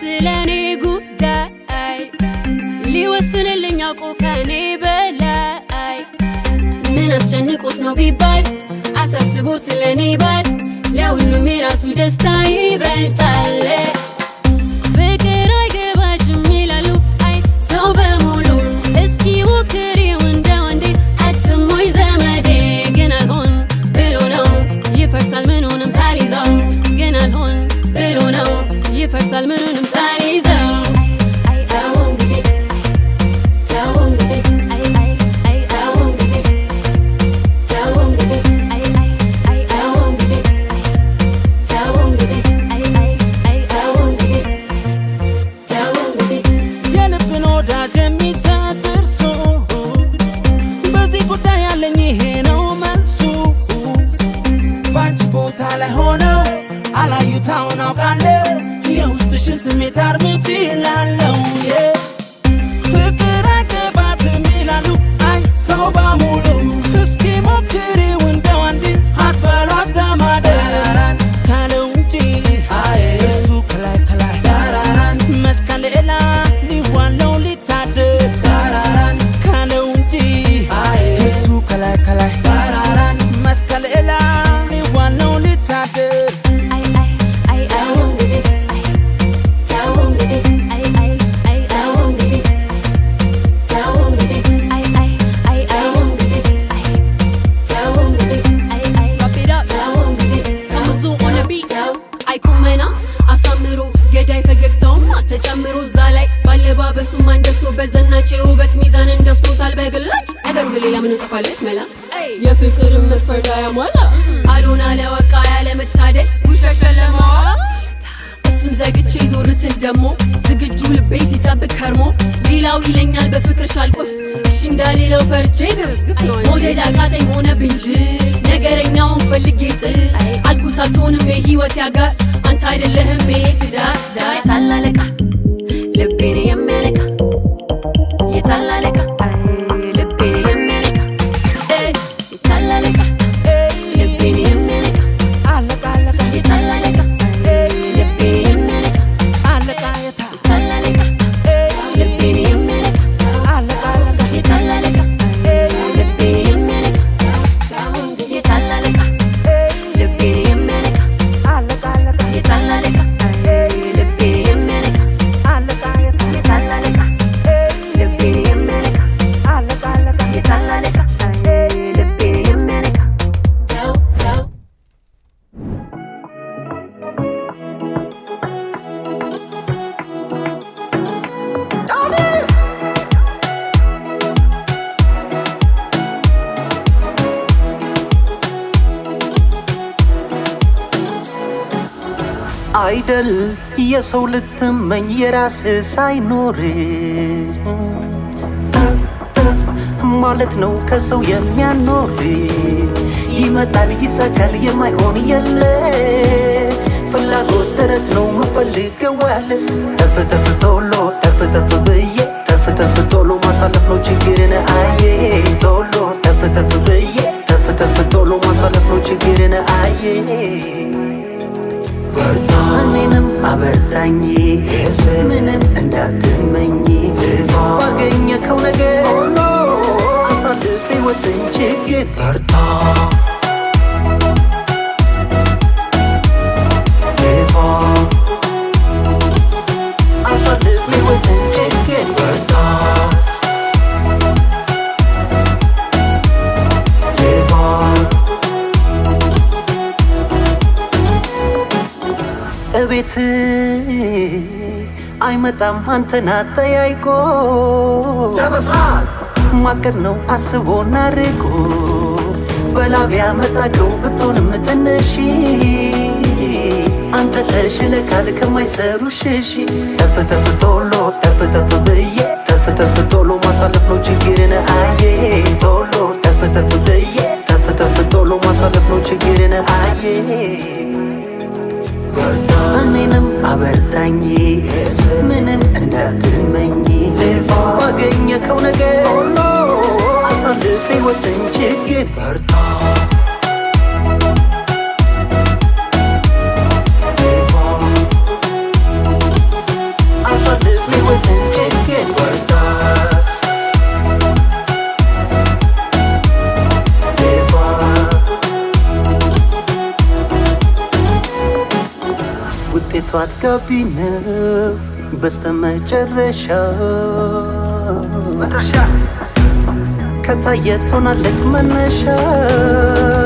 ስለኔ ጉዳይ ሊወስንልኝ አውቆ ከኔ በላይ ምን አስጨንቆት ነው ቢባል አሳስቦ ስለኔ ባል ለሁሉም የራሱ ደስታ ይበልጣል ይፈርሳል ምኑንም ሳይዘው ቦታ ላይ ሆነው አላዩታውን አውቃለሁ የውስጥሽን ስሜት አርምጭ ይላለው ትጽፋለች መላ የፍቅር መስፈርት ያሟላ አዶና ለወቃ ያለመታደል ውሸት ሸለማዋ እሱን ዘግቼ ዞር ስል ደሞ ዝግጁ ልቤ ሲጠብቅ ከርሞ ሌላው ይለኛል በፍቅርሽ አልቆፍ እሺ እንዳሌለው ፈርቼ ግፍ መውደድ አቃተኝ ሆነ ብንጅ ነገረኛውን ፈልጌ ጥል አልኩት አትሆንም የህይወት ያጋር አንተ አይደለህም ቤት ዳር ዳር ታላለቃ አይደል የሰው ልትመኝ የራስ ሳይኖር ማለት ነው ከሰው የሚያኖር ይመጣል ይሰካል የማይሆን የለ ፍላጎት ተረት ነው ምፈልገዋል ተፍተፍ ቶሎ ተፍተፍ ብዬ ተፍተፍ ቶሎ ማሳለፍ ነው ችግርን አየ ቶሎ ተፍተፍ ብዬ ተፍተፍ ቶሎ ማሳለፍ ነው ችግርን አየ አበርታኝ ምንም እንዳትመኝ ባገኘከው ነገር አሳልፍ ህይወትን ችግር በርታ እቤት አይመጣም አንተና ጠያይቆ ለመስራት ማቀድ ነው አስቦ ርቆ በላብ ያመጣቸው ብትሆንም ትንሽ አንተ ተሽለካል ከማይሰሩ ሽሺ ተፍ ተፍ ቶሎ ተፍ ተፍ ብዬ ተፍ ተፍ ቶሎ ማሳለፍ ነው potencie Ghepardo Așa de vrei potencie Ghepardo Tot cabină Basta mă cereșa Rășa ከታየ ትሆናለች መነሻ